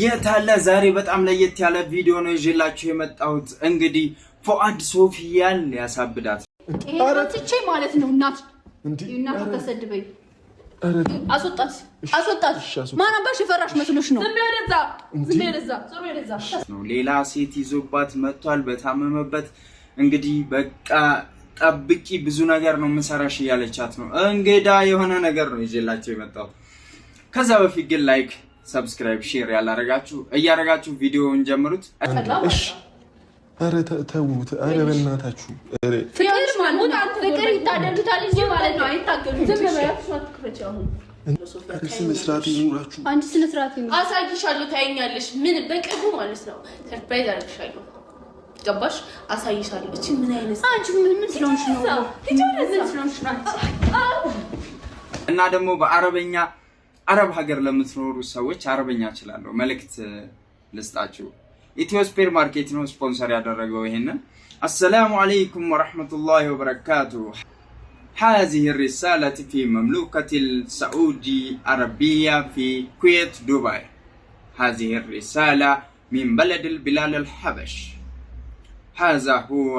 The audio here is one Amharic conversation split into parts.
የት የታለ ዛሬ በጣም ለየት ያለ ቪዲዮ ነው ይዤላችሁ የመጣሁት። እንግዲህ ፉአድ ሶፊያን ያሳብዳት ትቼ ማለት ነው። እናት እናት ተሰድበኝ የፈራሽ መስሎሽ ነው? ሌላ ሴት ይዞባት መጥቷል በታመመበት። እንግዲህ በቃ ጠብቂ፣ ብዙ ነገር ነው የምሰራሽ እያለቻት ነው። እንግዳ የሆነ ነገር ነው ይዤላቸው የመጣሁት። ከዛ በፊት ግን ላይክ ሰብስክራይብ፣ ሼር ያላረጋችሁ እያረጋችሁ ቪዲዮውን ጀምሩት። ኧረ ተውት፣ ኧረ በእናታችሁ ፍቅር ስነ ስርዓት ይኑራችሁ። አንቺ ስነ ስርዓት ይኑር። አሳይሻለሁ፣ ምን በቅርቡ ማለት ነው። ሰርፕራይዝ ገባሽ? አሳይሻለሁ። እቺ ምን አይነት አንቺ ምን ምን ስለሆንሽ ነው እና ደግሞ በአረበኛ አረብ ሀገር ለምትኖሩ ሰዎች አረበኛ እችላለሁ መልእክት ልስጣችሁ። ኢትዮ ስፔር ማርኬት ነው ስፖንሰር ያደረገው ይሄንን። አሰላሙ አለይኩም ወረሕመቱላሂ ወበረካቱ። ሀዚህ ሪሳለት ፊ መምሉከት ሳዑዲ አረቢያ ፊ ኩዌት ዱባይ ሀዚህ ሪሳላ ሚን በለድ ልቢላል ልሐበሽ ሀዛ ሁወ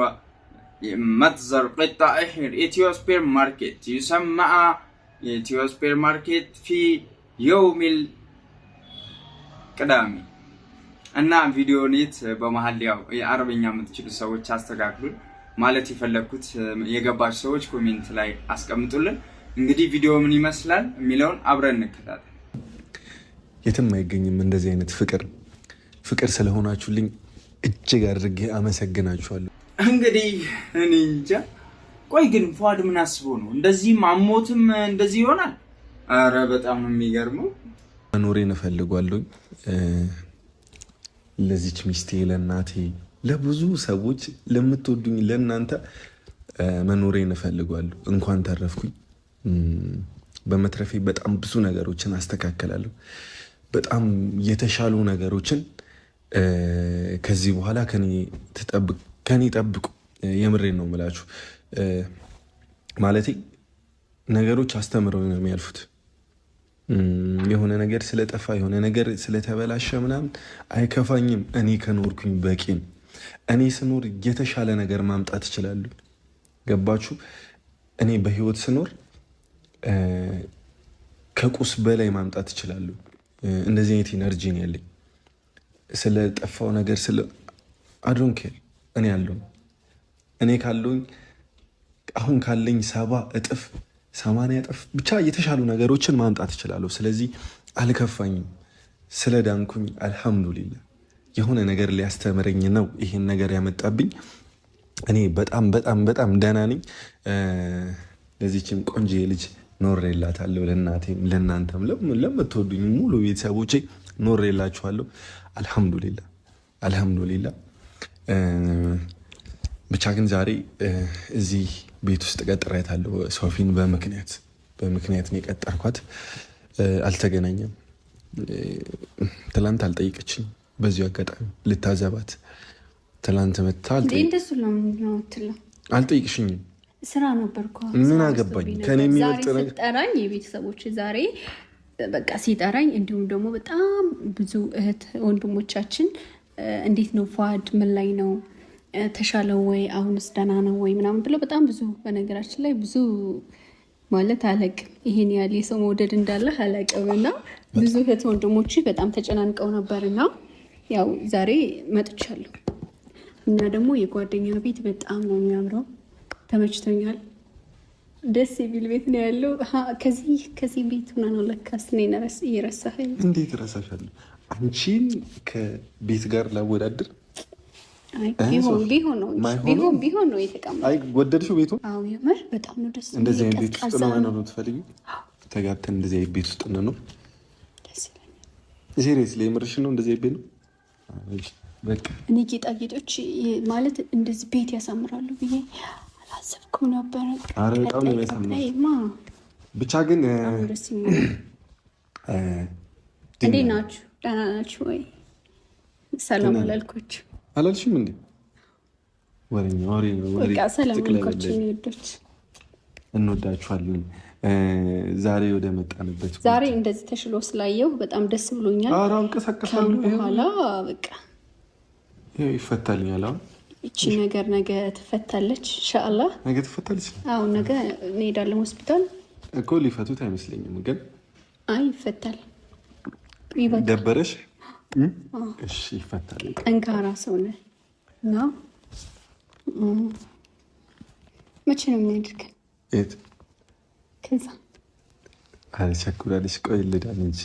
መትዘር ቅጣ ኢትዮ ስፔር ማርኬት ዩሰማአ ስፔር ማርኬት ፊ የውሚል ቅዳሜ እና ቪዲዮን የት በመሀል ያው የአረበኛ የምትችሉ ሰዎች አስተካክሉን ማለት የፈለግኩት የገባች ሰዎች ኮሜንት ላይ አስቀምጡልን። እንግዲህ ቪዲዮ ምን ይመስላል የሚለውን አብረን እንከታተል። የትም አይገኝም እንደዚህ አይነት ፍቅር። ፍቅር ስለሆናችሁልኝ እጅግ አድርጌ አመሰግናችኋለሁ። እንግዲህ እኔ እንጃ። ቆይ ግን ፏድ ምን አስቦ ነው እንደዚህም አሞትም እንደዚህ ይሆናል? አረ በጣም የሚገርመው። መኖሬን እፈልጓለሁኝ ለዚች ሚስቴ፣ ለእናቴ፣ ለብዙ ሰዎች ለምትወዱኝ ለእናንተ መኖሬን እፈልጓለሁ። እንኳን ተረፍኩኝ። በመትረፌ በጣም ብዙ ነገሮችን አስተካከላለሁ። በጣም የተሻሉ ነገሮችን ከዚህ በኋላ ከኔ ጠብቁ። የምሬን ነው የምላችሁ። ማለቴ ነገሮች አስተምረው ነው የሚያልፉት። የሆነ ነገር ስለጠፋ የሆነ ነገር ስለተበላሸ ምናምን አይከፋኝም። እኔ ከኖርኩኝ በቂ ነው። እኔ ስኖር የተሻለ ነገር ማምጣት ይችላሉ። ገባችሁ? እኔ በህይወት ስኖር ከቁስ በላይ ማምጣት ይችላሉ። እንደዚህ አይነት ኢነርጂ ነው ያለኝ። ስለጠፋው ነገር ስለ አዶን ኬር እኔ ያለው እኔ ካለኝ አሁን ካለኝ ሰባ እጥፍ ሰማንያ ጠፍ ብቻ የተሻሉ ነገሮችን ማምጣት እችላለሁ። ስለዚህ አልከፋኝም፣ ስለ ዳንኩኝ አልሐምዱሊላ። የሆነ ነገር ሊያስተምረኝ ነው ይሄን ነገር ያመጣብኝ። እኔ በጣም በጣም በጣም ደህና ነኝ። ለዚችም ቆንጆ ልጅ ኖሬላታለሁ። ለእናቴም ለእናንተም ለምትወዱኝ ሙሉ ቤተሰቦቼ ኖሬላችኋለሁ። አልሐምዱሊላ አልሐምዱሊላ። ብቻ ግን ዛሬ እዚህ ቤት ውስጥ ቀጥሬያታለሁ። ሶፊን በምክንያት በምክንያት ነው የቀጠርኳት። አልተገናኘም። ትላንት አልጠይቀችኝ። በዚሁ አጋጣሚ ልታዘባት ትላንት መታ አልጠይቅሽኝም። ስራ ነበር። ምን አገባኝ? ከኔ የሚበልጥ ጠራኝ። የቤተሰቦች ዛሬ በቃ ሲጠራኝ፣ እንዲሁም ደግሞ በጣም ብዙ እህት ወንድሞቻችን እንዴት ነው ፏድ ምን ላይ ነው ተሻለው ወይ አሁንስ ደህና ነው ወይ ምናምን ብለው በጣም ብዙ በነገራችን ላይ ብዙ ማለት አለቅ ይሄን ያህል የሰው መውደድ እንዳለ አላውቅም። እና ብዙ እህት ወንድሞች በጣም ተጨናንቀው ነበር እና ያው ዛሬ መጥቻለሁ እና ደግሞ የጓደኛ ቤት በጣም ነው የሚያምረው፣ ተመችቶኛል። ደስ የሚል ቤት ነው ያለው። ከዚህ ከዚህ ቤት ሆና ነው ለካስ የረሳኸኝ። እንዴት ረሳሻለሁ? አንቺን ከቤት ጋር ላወዳድር ቢሆን ነው የተቀመጠው። ወደድሽው ቤቱ? ነው እንደዚህ አይነት ቤት ውስጥ ነው የምትፈልጊው? ተጋብተን እንደዚህ ቤት ውስጥ ነው? እንደዚህ ቤት ነው እኔ ጌጣጌጦች ማለት እንደዚህ ቤት ያሳምራሉ ብዬ አላሰብኩም ነበረ። በጣም ነው ብቻ ግን እንዴት ናችሁ? ደህና ናችሁ ወይ? ሰላም አላልኳችሁ አላልሽም እንዴ? ወሬኛ ወሬ እንወዳችኋለን። ዛሬ ወደ መጣንበት ዛሬ እንደዚህ ተሽሎ ስላየው በጣም ደስ ብሎኛል። ኧረ አንቀሳቀሳለሁ በኋላ በቃ ይፈታልኛል። አሁን ይቺ ነገር ነገ ትፈታለች ኢንሻላህ። ነገ ትፈታለች። አዎ ነገ እንሄዳለን ሆስፒታል እኮ ሊፈቱት አይመስለኝም፣ ግን አይ ይፈታል። ደበረሽ እሺ ይፈታል። ጠንካራ ሰው ነህ እና መቼ ነው የሚያድርገን? የት ከዛ አልቸኩላለች። ቆይ ልዳን እንጂ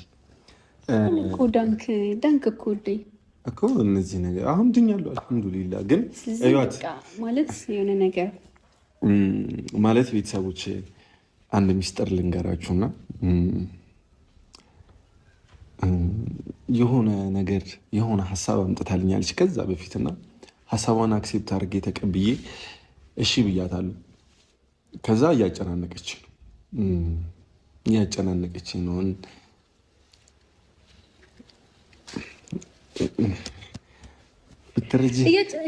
ዳንክ ዳንክ እኮ ወደኝ እኮ እነዚህ ነገር አሁን ድኛለሁ፣ አልሐምዱሊላ። ግን ማለት የሆነ ነገር ማለት ቤተሰቦች አንድ ሚስጥር ልንገራችሁና የሆነ ነገር የሆነ ሀሳብ አምጥታልኛለች ከዛ በፊትና ሀሳቧን አክሴፕት አድርጌ ተቀብዬ እሺ ብያታሉ። ከዛ እያጨናነቀች እያጨናነቀች ነው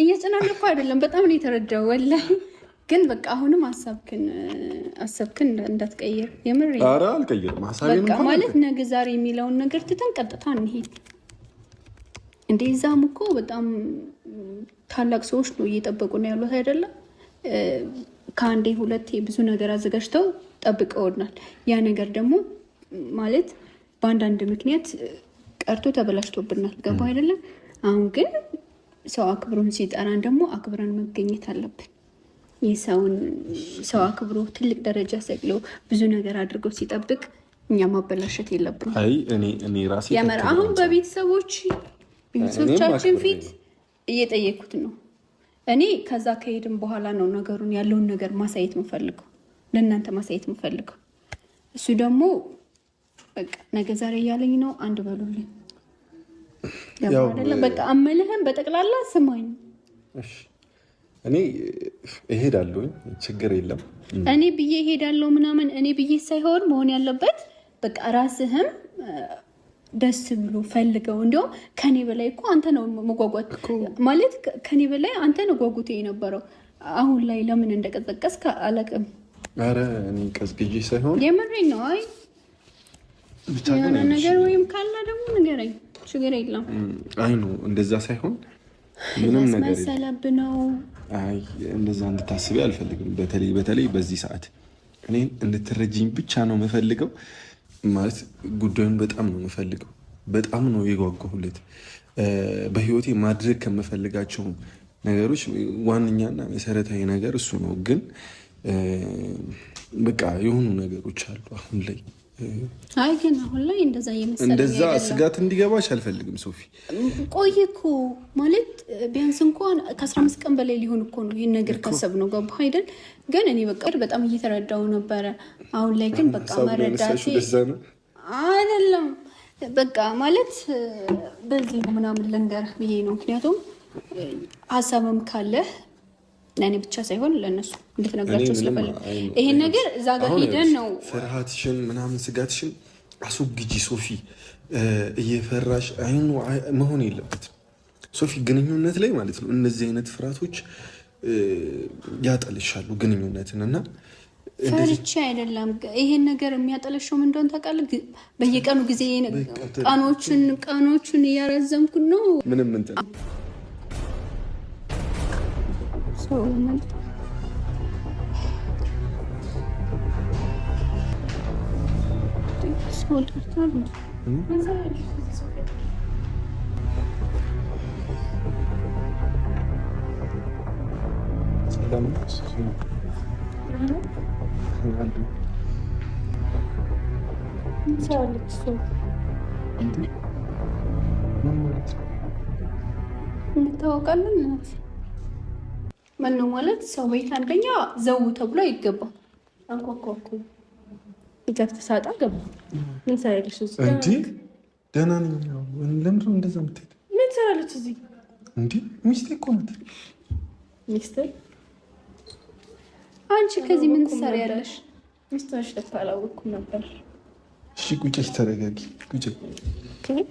እየጨናነኩ አይደለም፣ በጣም ነው የተረዳው ወላሂ ግን በቃ አሁንም አሰብክን ሀሳብክን እንዳትቀይር፣ የምር ኧረ አልቀይርም። ማለት ነገ ዛሬ የሚለውን ነገር ትተን ቀጥታ እንሄድ እንደዛም እኮ በጣም ታላቅ ሰዎች ነው እየጠበቁ ነው ያሉት አይደለም። ከአንዴ ሁለቴ ብዙ ነገር አዘጋጅተው ጠብቀውናል። ያ ነገር ደግሞ ማለት በአንዳንድ ምክንያት ቀርቶ ተበላሽቶብናል። ገባ አይደለም። አሁን ግን ሰው አክብሮን ሲጠራን ደግሞ አክብረን መገኘት አለብን። የሰውን ሰው አክብሮ ትልቅ ደረጃ ሰቅሎ ብዙ ነገር አድርገው ሲጠብቅ እኛ ማበላሸት የለብንም። የምር አሁን በቤተሰቦች ቤተሰቦቻችን ፊት እየጠየኩት ነው። እኔ ከዛ ከሄድን በኋላ ነው ነገሩን ያለውን ነገር ማሳየት የምፈልገው ለእናንተ ማሳየት የምፈልገው። እሱ ደግሞ በቃ ነገ ዛሬ እያለኝ ነው። አንድ በሉልኝ። በቃ አመልህን በጠቅላላ ስማኝ። እኔ እሄዳለሁኝ፣ ችግር የለም። እኔ ብዬ እሄዳለሁ ምናምን እኔ ብዬ ሳይሆን መሆን ያለበት በቃ ራስህም ደስ ብሎ ፈልገው። እንዲሁም ከኔ በላይ እኮ አንተ ነው መጓጓት ማለት ከኔ በላይ አንተ ነው ጓጉቴ የነበረው። አሁን ላይ ለምን እንደቀዘቀስ አላውቅም። ኧረ እኔ ቀዝቅዤ ሳይሆን የምሬ ነው። አይ የሆነ ነገር ወይም ካለ ደግሞ ንገረኝ፣ ችግር የለም። አይ ነው እንደዛ ሳይሆን ምንም ነገር አይ እንደዛ እንድታስቢ አልፈልግም። በተለይ በተለይ በዚህ ሰዓት እኔን እንድትረጅኝ ብቻ ነው የምፈልገው። ማለት ጉዳዩን በጣም ነው የምፈልገው፣ በጣም ነው የጓጓሁለት። በህይወቴ ማድረግ ከምፈልጋቸው ነገሮች ዋነኛና መሰረታዊ ነገር እሱ ነው። ግን በቃ የሆኑ ነገሮች አሉ አሁን ላይ አይ ግን አሁን ላይ እንደዛ እየመሰለኝ እንደዛ ስጋት እንዲገባሽ አልፈልግም ሶፊ። ቆይ እኮ ማለት ቢያንስ እንኳን ከአስራ አምስት ቀን በላይ ሊሆን እኮ ነው ይህን ነገር ነው ገባ አይደል? ግን እኔ በቃ በጣም እየተረዳው ነበረ። አሁን ላይ ግን በቃ መረዳቴ አይደለም በቃ ማለት በዚህ ምናምን ልንገርህ ብዬ ነው። ምክንያቱም ሀሳብም ካለህ ለእኔ ብቻ ሳይሆን ለእነሱ እንድትነግራቸው ስለፈለግ ይሄን ነገር እዛ ጋር ሄደን ነው። ፍርሃትሽን ምናምን ስጋትሽን አስወግጂ ሶፊ። እየፈራሽ አይኑ መሆን የለበትም ሶፊ። ግንኙነት ላይ ማለት ነው እነዚህ አይነት ፍርሃቶች ያጠልሻሉ ግንኙነትን እና ፈርቼ አይደለም ይሄን ነገር የሚያጠለሸው ምን እንደሆነ ታውቃለህ? በየቀኑ ጊዜ ቀኖቹን ቀኖቹን እያረዘምኩ ነው ምንም ሰውነት እንታወቃለን። ነው ማለት ሰው ቤት አንደኛ ዘው ተብሎ አይገባም። አንኳኳኩ ይገብ ተሳጣ ገባ ምን ሰራለች እዚህ? ደህና ነኝ። ለምንድን እንደዛ የምትሄድ? ምን ሰራለች እዚህ? እንዲ ሚስቴ እኮ ናት። ሚስቴ አንቺ ከዚህ ምን ትሰሪያለሽ? ሚስትሽ ለካ አላወኩም ነበር። እሺ ቁጭ፣ ተረጋጊ። ቁጭ ቁጭ።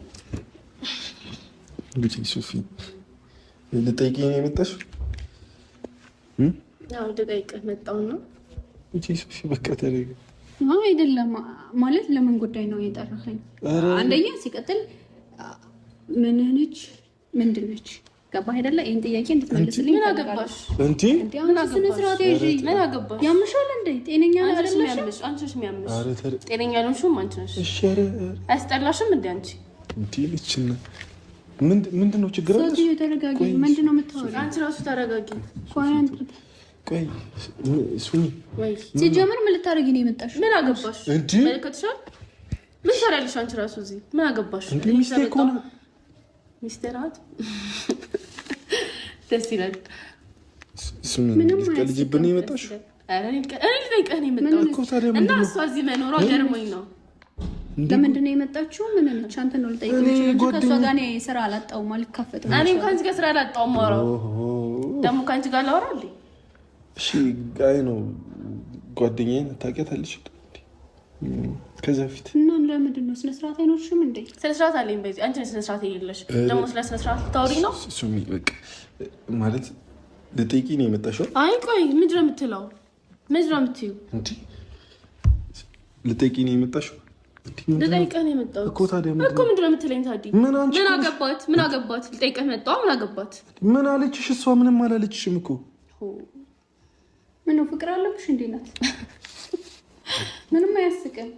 ሶፊ ልጠይቂኝ የመጣሽው? አይደለም ማለት ለምን ጉዳይ ነው የጠራኸኝ? አንደኛ ሲቀጥል ምንነች ምንድነች? ገባህ አይደለ? ይህን ጥያቄ እንድትመልስልኝ። ምን ስነ ስርዓት ምን አገባሽ? ያምሻል እንዴ? ጤነኛ ጤነኛ ልሆንሽም አንቺ አንቺ ምንድን ነው ችግር? ሲጀምር ምን ልታደርጊ ነው የመጣሽ? ምን አገባሽ? ምን ሰራልሽ? አንቺ ራሱ እዚህ ምን አገባሽ? ሚስቴር አት ደስ ይላል። ምንም የመጣሽው? እና እሷ እዚህ መኖሯ ገርሞኝ ነው ለምንድን ነው የመጣችሁ? ምን ነች? አንተ ነው ልጠይቅ የምችለው እንጂ ከእሷ ጋር እኔ ስራ አላጣሁም፣ አልካፈትም። እኔም ከአንቺ ጋር ስራ አላጣሁም። አወራሁ ደግሞ ከአንቺ ጋር ላወራ እንዴ? እሺ አይ ነው ጓደኛዬን ታውቂያታለሽ? ከዛ ፊት እና ለምንድን ነው ስነ ስርዓት አይኖርሽም እንዴ? ስነ ስርዓት አለኝ። በዚህ አንቺ ስነ ስርዓት የሌለሽ ደግሞ ስለ ስነ ስርዓት ልታወሪ ነው? ሱሚ በቃ ማለት ልጠይቂ ነው የመጣሽው? አይ ቆይ ምንድን ነው የምትለው? ምንድን ነው የምትይው? ልጠይቂ ነው የመጣሽው ምን አገባት? አለችሽ? እሷ ምንም አላለችሽም እኮ። ምነው ፍቅር አለብሽ? እንዴት ናት? ምንም አያስቅም።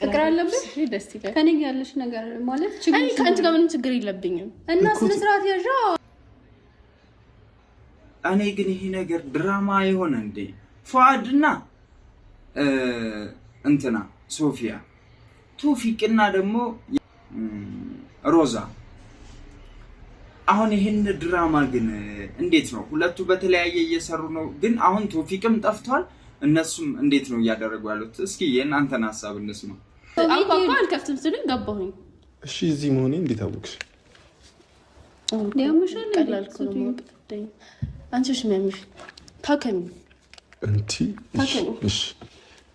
ፍቅር አለብሽ። ደስ ይላል። ያለሽ ነገር ማለት ችግር ከአንቺ ጋር ምንም ችግር የለብኝም እና ስነ ስርዓት ያዣ። እኔ ግን ይሄ ነገር ድራማ የሆነ እንዴ እንትና ሶፊያ ቱፊቅ እና ደግሞ ሮዛ አሁን ይህን ድራማ ግን እንዴት ነው? ሁለቱ በተለያየ እየሰሩ ነው፣ ግን አሁን ቶፊቅም ጠፍቷል። እነሱም እንዴት ነው እያደረጉ ያሉት? እስኪ የእናንተን ሀሳብ እንስማ። አንኳኳ አልከፍትም ስልህ ገባሁኝ። እሺ፣ እዚህ መሆኔ እንዴት አወቅሽ? አንቺ ታከሚ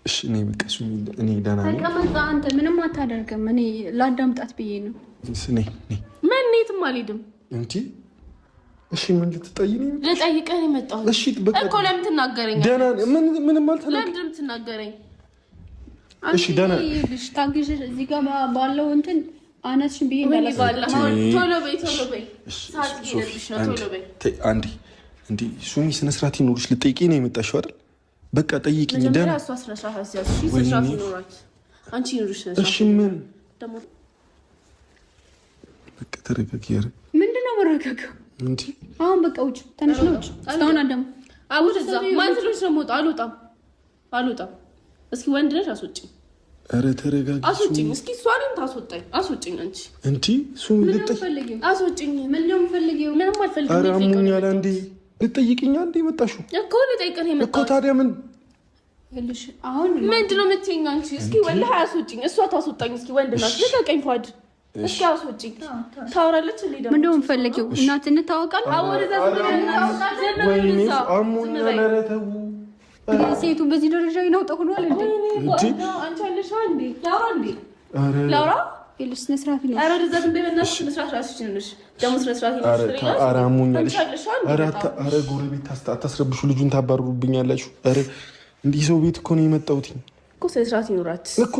እሺ እኔ በቃሽ፣ እኔ ደህና ነኝ። አንተ ምንም አታደርግም። እኔ ላዳምጣት ብዬ ነው። እኔ ምን የትም አልሄድም። እሺ፣ ምን ልትጠይቅ ልጠይቅህ ነው የመጣሁት። እሺ በቃ እኮ ለምን ትናገረኝ? ደህና ምን ምንም ለምን ትናገረኝ? እሺ ደህና ታግሽ እዚህ ጋር ባለው እንትን አነስሽን ብዬ እንዳላሰብኩት ቶሎ በይ፣ ቶሎ በይ፣ ሰዓት ይለብሽ ነው። ቶሎ በይ ነው ቶሎ በይ አንዴ ሱሚ፣ ስነ ስርዓት ነው የመጣሽው አይደል? በቃ ጠይቅኝ። ምን ምንድን ነው መረጋገው? አሁን በቃ ውጭ ተነሽ ነው ውጭ። እስካሁን ማን ነው የምወጣው? አልወጣም አልወጣም። እስኪ ወንድ ነሽ አስወጪኝ። ኧረ ተረጋጊ። አስወጪኝ እስኪ ታስወጣኝ። አስወጪኝ አንቺ እሱ ምንም አልፈልግም። ምንም አልፈልግም። ኧረ አሞኛል አንዴ ልጠይቅኛ እንዴ መጣሹ እኮ ልጠይቅን እኮ ታዲያ ምን ምንድን ነው የምትይኝ አንቺ? እስኪ ወላሂ አያስወጪኝ፣ እሷ ታስወጣኝ። እስኪ ወንድ ናት፣ ልቀቀኝ ፏድ። እስኪ ታወራለች። እናት እንታወቃል። ሴቱ በዚህ ደረጃ ይነውጠ ሆኗል። እንዴ ላውራ ኧረ ጎረቤት አታስረብሹ፣ ልጁን ታባርሩብኛላችሁ። ኧረ እንዲህ ሰው ቤት እኮ ነው የመጣሁት እኮ ስነ ስርዓት ይኖራት እኮ።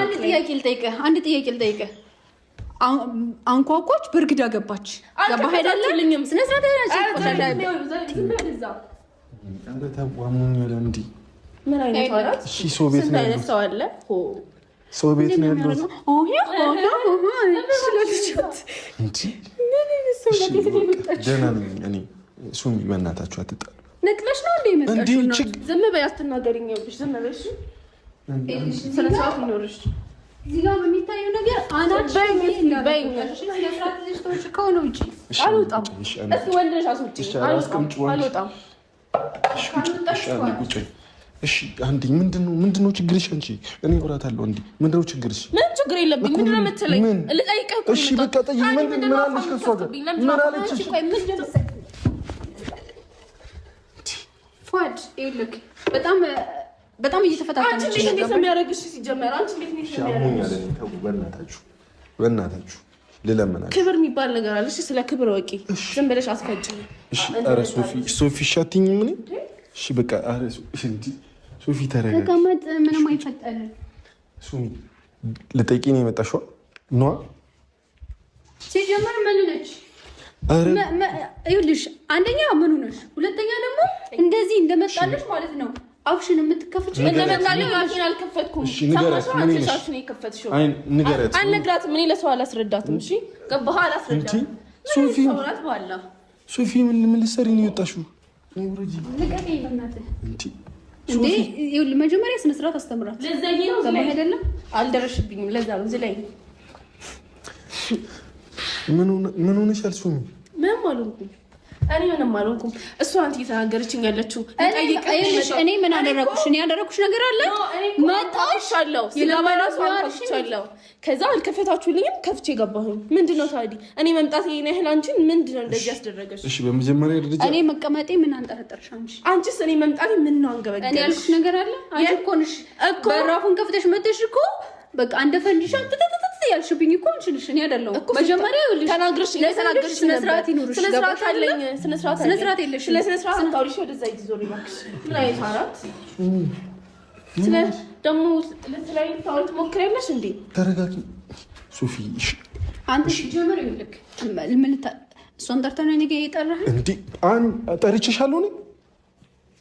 አንድ ጥያቄ ልጠይቅህ፣ አንድ ጥያቄ ልጠይቅህ። አንኳኳች፣ በእርግዳ ገባች። ገባህ አይደለም? ስነ ስርዓት ምን አይነት ሰው አለ? ሰው ቤት ነው ያሉት። ሱሚ በእናታችሁ አትጣሉ። ነቅለሽ ነው እንደ የመጣችው። ዝም በይ አትናገሪኝ። ዝም በይ እሺ። ይኖርሽ እዚህ ጋር በሚታየው ነገር አናትሽ ከሆነ ውጪ አልወጣም። እስኪ ወንድ ነሽ አስወጪኝ። አልወጣም አልወጣም እሺ አንዴ፣ ምንድነው ምንድነው ችግርሽ? አንቺ እኔ እወራታለሁ። አንዴ ምንድነው ችግርሽ? ምን ችግር የለብኝ። ምንድነው የምትለኝ? ልጠይቅህ እሺ በቃ ጠይቅ። ምን ምን አለሽ? ከእሷ ጋር ምን ፏድ፣ በጣም በጣም እየተፈታተነች። ልለምናል ክብር የሚባል ነገር አለ። ስለ ክብር ወቂ ዝም ብለሽ አስፈጭ። ሶፊ ሶፊ ሻትኝ ምን እሺ በቃ ሱፊ ተረጋጊ። ተቀመጥ፣ ምንም አይፈጠርም። ሱሚ ልጠይቂ ነው የመጣሽው? ነዋ ሲጀመር ምን ነች? ይኸውልሽ አንደኛ ምኑ ነሽ፣ ሁለተኛ ደግሞ እንደዚህ እንደመጣለሽ ማለት ነው አብሽን የምትከፍች እንደመጣለሽ አብሽን አልከፈትኩም። ሳማሽን የከፈትሽው አልነግራትም። እኔ ለሰው አላስረዳትም። እሺ ገባህ? አላስረዳትም። ሱፊ፣ ምን ልትሰሪ ነው የወጣሽው? ውረጂ፣ ልቀቀኝ በእናትህ እንዴ መጀመሪያ ስነ ስርዓት አስተምራት። አይደለም አልደረሽብኝም። ለዛ ነው እዚህ ላይ ምን ሆነሽ አልሽኝ? ምንም አልሆንኩኝ። እኔ ምንም አልሆንኩም። እሱ አንተ እየተናገረችኝ ያለችው እኔ ምን አደረኩሽ? እኔ ያደረኩሽ ነገር አለ መጣሻለሁ ሲጋባራሱቻለሁ ከዛ አልከፈታችሁልኝም፣ ከፍቼ ገባሁኝ። ምንድን ነው ታዲያ እኔ መምጣት ይሄን ያህል አንቺን ምንድን ነው እንደዚህ ያስደረገች? እሺ በመጀመሪያ ደረጃ እኔ መቀመጤ ምን አንጠረጠርሽ? አንቺ አንቺስ እኔ መምጣቴ ምን ነው አንገበገ እኔ ያልኩሽ ነገር አለ አንቺ እኮ ነሽ እኮ በራፉን ከፍተሽ መተሽ እኮ በቃ አንደ ፈንዲሻ ያልሽብኝ እኮ አንችልሽ እኔ አይደለሁም። መጀመሪያ ይኸውልሽ ተናግረሽ ለተናገርሽ ስነ ስርዓት ይኑርሽ። ስነ ስርዓት አለኝ። ስነ ስርዓት ስነ ስርዓት የለሽ። ስለ ስነ ስርዓት ታውሪሽ ወደዛ ይባክሽ። ምን አይነት አራት ስለ ደግሞ ለተለያዩ ታውሪት ሞክረሽ እንዴ? ተረጋጊ ሶፊ። እሺ አንተ ጀመር ይልክ እሷን ጠርተህ ነው እኔ ጋር እንዴ? አን ጠርቼሻለሁ እኔ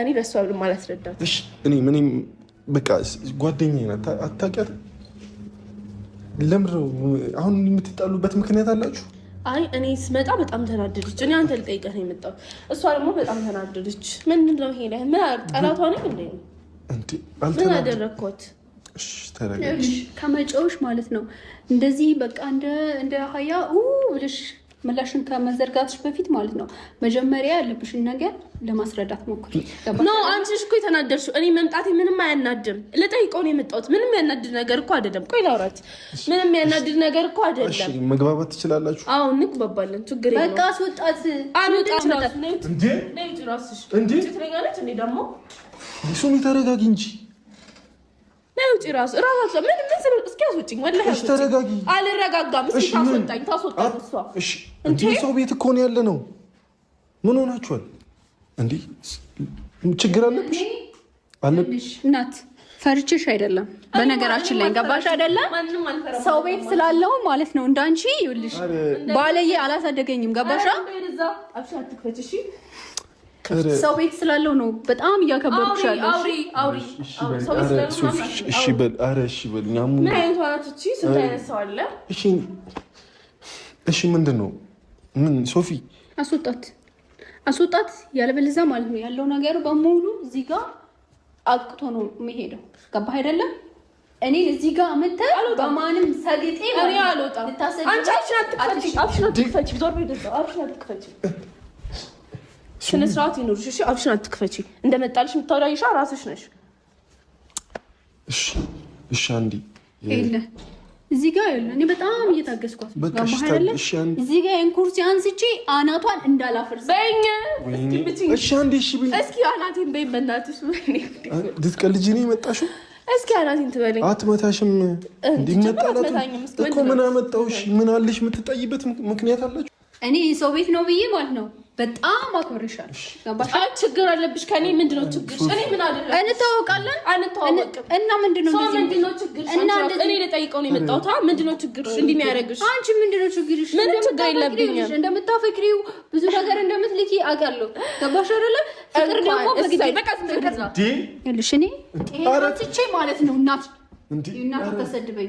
እኔ ለእሷ ብሎ አላስረዳት። እኔ ምንም በቃ ጓደኛዬ ናት፣ አታውቂያትም። ለምንድነው አሁን የምትጣሉበት ምክንያት አላችሁ? አይ እኔ ስመጣ በጣም ተናደደች። እኔ አንተ ልጠይቀህ ነው የመጣው። እሷ ደግሞ በጣም ተናደደች። ምንድን ነው ይሄ? ምን ጠላቷ ነኝ እንዴ? ምን አደረግኮት? ከመጫዎች ማለት ነው እንደዚህ በቃ እንደ ሀያ ብልሽ ምላሽን ከመዘርጋትሽ በፊት ማለት ነው መጀመሪያ ያለብሽን ነገር ለማስረዳት ሞክሪ። ኖ አንቺሽ እኮ የተናደድሽው እኔ መምጣት ምንም አያናድም። ልጠይቀው ነው የመጣሁት። ምንም ያናድድ ነገር እኮ አይደለም። ቆይ ላውራት። ምንም ያናድድ ነገር እኮ አይደለም። መግባባት ትችላላችሁ። አዎ እንግባባለን። ችግር የለውም። በቃ አስወጣት። ነው እንዴ ትራስሽ እንዴ፣ እኔ ተረጋጊ እንጂ ናውጪ ራሱ ራሱ ምን ምን ስለ እስኪ አስወጪኝ፣ ወላሂ ተረጋጊ። አልረጋጋም። እስኪ ታስወጣኝ፣ ታስወጣኝ። እሷ እሺ፣ እንዴ ሰው ቤት እኮ ነው ያለ ነው። ምን ሆናችኋል? እንዴ? ችግር አለብሽ አለብሽ። እናት ፈርችሽ አይደለም። በነገራችን ላይ ገባሽ አይደለም? ሰው ቤት ስላለው ማለት ነው። እንዳንቺ ይኸውልሽ፣ ባለዬ አላሳደገኝም። ገባሽ ሰው ቤት ስላለው ነው። በጣም እያከበርኩሽ ያለው እሺ ምንድን ነው ምን ሶፊ አስወጣት አስወጣት፣ ያለበለዚያ ማለት ነው ያለው ነገር በሙሉ እዚህ ጋር አብቅቶ ነው የሚሄደው። ገባህ አይደለም? እኔ እዚህ ጋር መተህ በማንም ሰግጤ እኔ አልወጣም። ስነ ስርዓት ይኖርሽ። እሺ፣ አፍሽን አትክፈቺ። እንደመጣልሽ የምታወራይሻ ራስሽ ነሽ። እሺ፣ እሺ። አንዴ የለ እዚህ ጋር ያለ እኔ በጣም እየታገስኳት እዚህ ጋር የንኩርሲ አንስቼ አናቷን እንዳላፈር በይኝ። እሺ፣ አንዴ እሺ በይኝ። እስኪ አናቴን በይ፣ በእናትሽ ልትቀልጂ ነው የመጣሽው? እስኪ አናቴን ትበለኝ። አትመታሽም። እንዲመጣላትም እኮ ምን አመጣሁሽ? ምን አለሽ? የምትጠይበት ምክንያት አላችሁ? እኔ ሰው ቤት ነው ብዬ ማለት ነው በጣም አክብሬሻለሁ። ችግር አለብሽ ከኔ ምንድነው ነው ችግር? እኔ ምን አይደለም እንታወቃለን፣ አንተዋወቅም እና ምንድን ነው ምንድን ነው ችግር? እኔ ልጠይቀው ነው የመጣሁት። ምንድን ነው እንዲህ የሚያደርግሽ አንቺ ምንድነው ነው ችግር? ምንም ችግር የለብኝም። እንደምታፈቅሪው ብዙ ነገር እንደምትልኪ አውቃለሁ። ገባሽ አይደለ? ፍቅር ደግሞ በቃ ፍቅር ነው። እኔ ትቼ ማለት ነው እናት እናት ተሰድበኝ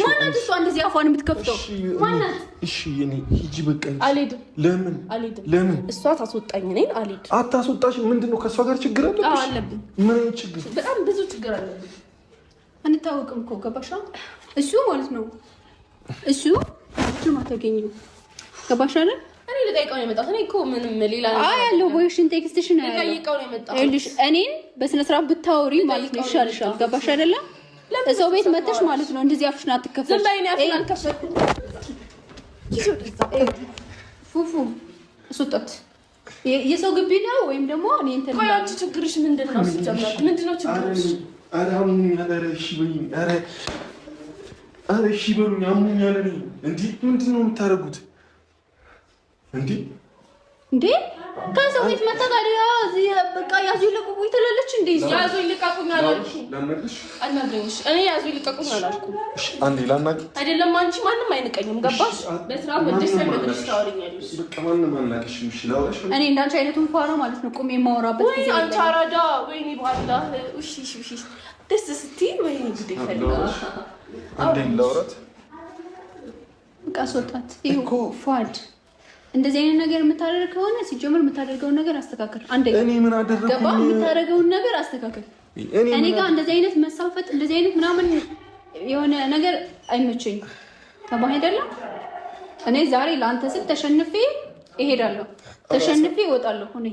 ማናት እሷ እንደዚህ አፏን የምትከፍተው እሷ ታስወጣኝ? እኔን አልሄድም። አታስወጣሽ። ምንድን ነው ከእሷ ጋር ችግር አለብሽ? ምን ችግር? በጣም ብዙ ችግር አንታወቅም እኮ እሱ ማለት ነው እሱ እሱም አታገኝም። ገባሽ እኔ ልጠይቀው ነው የመጣሁት። እኔ እኮ ምንም ሌላ አይ ያለው ቦይሽን ቴክስትሽን ልጠይቀው ነው የመጣሁት። እኔን በስነ ስርዓት ብታወሪ ማለት ነው ይሻልሻል። ገባሽ አይደለም? እዛው ቤት መተሽ ማለት ነው። እንደዚህ አፍሽን አትከፈል። ዝም በይ። አፍሽን አልከፈትኩም። ፉፉ ስጦት የሰው ግቢ ነው ወይም ደግሞ እኔ እንትን ቆይ፣ አንቺ ችግርሽ ምንድን ነው? ሲጀመር ምንድን ነው ችግርሽ? ኧረ እሺ በሉኝ፣ አሞኛል። እንዲህ ምንድን ነው የምታደርጉት? እንዲህ እንዴ ከሰው ቤት መጣ። ታዲያ እዚህ በቃ ያዙ ይልቀቁኝ ትላለች። እንዴ ያዙ ይልቀቁኝ አላልኩም። እኔ ያዙ ይልቀቁኝ አላልኩም። አንዴ ላናግ አይደለም አንቺ ማንም አይንቀኝም። ገባሽ? በስራው ወደሽ ሰምተሽ ታወሪኛለሽ። በቃ ማንም አናቅሽም። እሺ እኔ እንዳንቺ አይነቱ እንኳን ማለት ነው ቁሜ የማወራበት ወይ አንቺ አራዳ ወይኔ ባላ እሺ እሺ እሺ ደስ ስትይ ወይኔ ጉዴ ፈላ አንዴ ላውራት በቃ ስወጣት ይኸው ፏድ እንደዚህ አይነት ነገር የምታደርግ ከሆነ ሲጀምር የምታደርገውን ነገር አስተካከል። አንደኛ እኔ ምን አደረግኩ? የምታደርገውን ነገር አስተካከል። እኔ ጋር እንደዚህ አይነት መሳፈጥ፣ እንደዚህ አይነት ምናምን የሆነ ነገር አይመቸኝም። ከባህ አይደለም እኔ ዛሬ ለአንተ ስል ተሸንፌ እሄዳለሁ ተሸንፌ እወጣለሁ። እኔ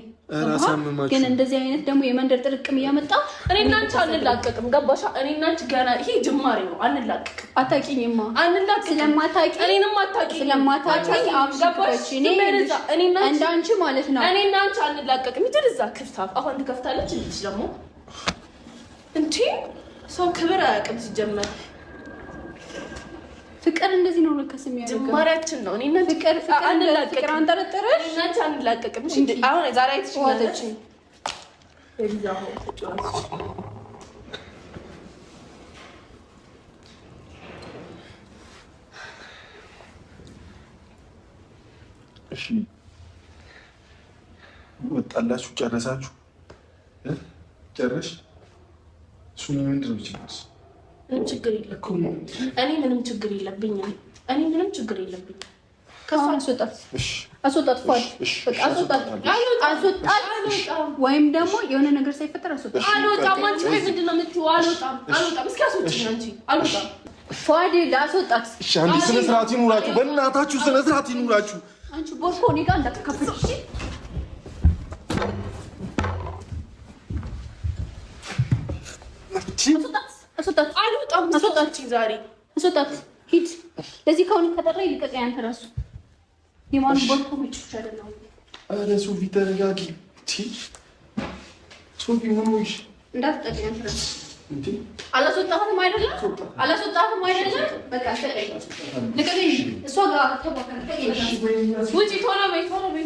ግን እንደዚህ አይነት ደግሞ የመንደር ጥርቅም እያመጣ እኔ እናንቺ አንላቀቅም። ገባሽ? እኔ እናንቺ ገና ይሄ ጅማሬ ነው። አንላቀቅም። አታውቂኝማ፣ አንላቀቅም። ስለማታውቂ እኔንም አታውቂኝ። ስለማታውቂኝ አብሽሽ እንደ አንቺ ማለት ነው። እኔ እናንቺ አንላቀቅም። ይድር እዛ ክፍታ አሁን ትከፍታለች። እንዴት ደግሞ እንዴ! ሰው ክብር አያውቅም ሲጀመር ፍቅር እንደዚህ ነው። ለካ ስም ያደርጋል ጅማሬያችን ነው። እኔና ፍቅር አንላቀቅም፣ አንጠረጠረሽ እናንተ አንላቀቅም። እሺ አሁን ዛሬ አይተሽ እሺ ወጣላችሁ፣ ጨረሳችሁ፣ ጨረሽ እሱን ምንድን ነው ምንም ችግር የለብኝም። እኔ ምንም ችግር የለብኝም። እኔ ምንም ችግር የለብኝም። ወይም ደግሞ የሆነ ነገር ሳይፈጠር አስወጣት። አልወጣም። አንቺ ቆይ ስነ ስርዓት ይኑራችሁ፣ በእናታችሁ ስነ ስርዓት ይኑራችሁ። አንቺ ቦርኮ እኔ ጋር እንዳትከፍልሽ እሺ አስወጣት፣ አልወጣም። አስወጣት፣ ዛሬ አስወጣት፣ ሂድ። ለዚህ ከሆነ ከጠራ ይልቀቅ። ያንተ ራሱ የማን ቦልኮ ምጭ ይችላልናው። አረ ሶፊ ተረጋጊ። ቲ ሶፊ ምን ሆንሽ? እንዳትጠቅ ያንተ ራሱ እንዴ። አላስወጣህም አይደለም? አላስወጣህም አይደለም? በቃ ተረጋጊ። ለከዚህ እሷ ጋር ተባከረ ተገኝ። ውጪ ቶሎ በይ፣ ቶሎ በይ።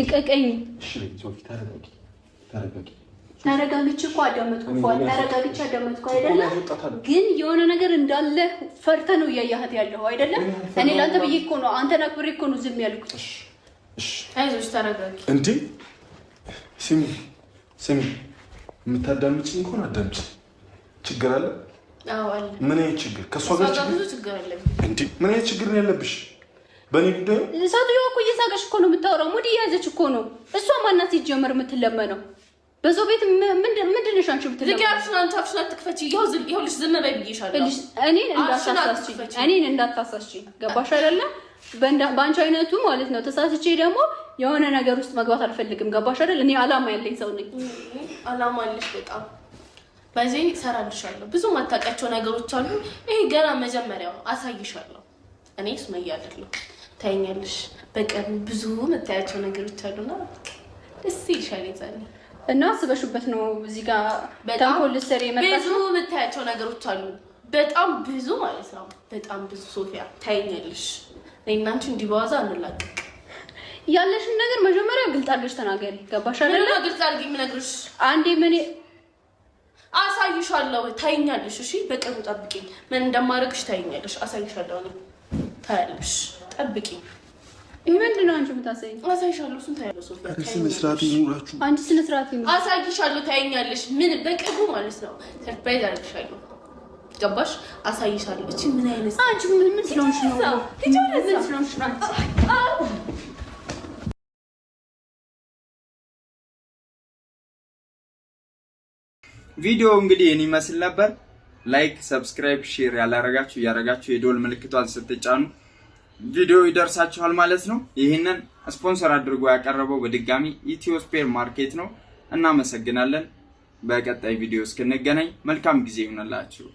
ልቀቀኝ። ተረጋግቼ እኮ አዳመጥኩ፣ ተረጋግቼ አዳመጥኩ አይደለ? ግን የሆነ ነገር እንዳለ ፈርተ ነው እያያህት ያለው አይደለ? እኔ ለአንተ ብዬ እኮ ነው፣ አንተን አክብሬ እኮ ነው ዝም ያልኩት። አይዞሽ፣ ተረጋጊ። እንዴ ስሚ፣ ስሚ፣ የምታዳምጭ ከሆነ አዳምጭ። ችግር አለ? ምን ችግር? ከእሷ ጋር ችግር፣ ምን ችግር ነው ያለብሽ? በእኔ ጉዳይ ሴትዮዋ እኮ እየሳቀሽ እኮ ነው የምታወራው። ሙድ እየያዘች እኮ ነው እሷ። ማናት ሲጀመር የምትለመነው በዛው ቤት ምንድን ነሽ አንቺ? እኔን እንዳታሳስቺ ገባሽ አይደለ? በአንቺ አይነቱ ማለት ነው። ተሳስቼ ደግሞ የሆነ ነገር ውስጥ መግባት አልፈልግም። ገባሽ አይደል? እኔ አላማ ያለኝ ሰው ነኝ። አላማ አለሽ በጣም በዚህ እሰራልሻለሁ። ብዙ ማታውቂያቸው ነገሮች አሉ። ይሄ ገና መጀመሪያው አሳይሻለሁ። እኔ ሱመያ አይደለሁ ታይኛለሽ። በቀን ብዙ የምታያቸው ነገሮች አሉና ደስ ይሻል ይዛል እና አስበሽበት ነው እዚህ ጋር በጣም ኮልሰሪ ብዙ የምታያቸው ነገሮች አሉ። በጣም ብዙ ማለት ነው። በጣም ብዙ ሶፊያ ታይኛለሽ። እናንቺ እንዲበዋዛ አንላቀቅ ያለሽን ነገር መጀመሪያ ግልጽ አድርገሽ ተናገሪ። ገባሽ አይደል? ግልጽ አድርጊ። የምነግርሽ አንዴ ምን አሳይሻለሁ። ታይኛለሽ። እሺ፣ በቀኑ ጠብቂኝ። ምን እንደማደርግሽ ታይኛለሽ። አሳይሻለሁ። ታያለሽ ጠብቂ። ምንድን ነው አንቺ የምታሳይኝ? አሳይሻለሁ። እሱን ታያለሽ። ስነ ስርዓት ይኑራችሁ። አንቺ ስነ ስርዓት ይኑር። አሳይሻለሁ። ታይኛለሽ። ምን በቅርቡ ማለት ነው። ሰርፕራይዝ አድርግሻለሁ። ገባሽ? አሳይሻለሁ። እቺ ምን አይነት አንቺ ምን ምን ስለሆንሽ ነው? ሂጂ ወደ ስለሆንሽ ነው። ቪዲዮ እንግዲህ ይህን ይመስል ነበር። ላይክ፣ ሰብስክራይብ፣ ሼር ያላረጋችሁ እያረጋችሁ የዶል ምልክቷን ስትጫኑ ቪዲዮ ይደርሳችኋል ማለት ነው። ይህንን ስፖንሰር አድርጎ ያቀረበው በድጋሚ ኢትዮስፔር ማርኬት ነው። እናመሰግናለን። በቀጣይ ቪዲዮ እስክንገናኝ መልካም ጊዜ ይሆንላችሁ።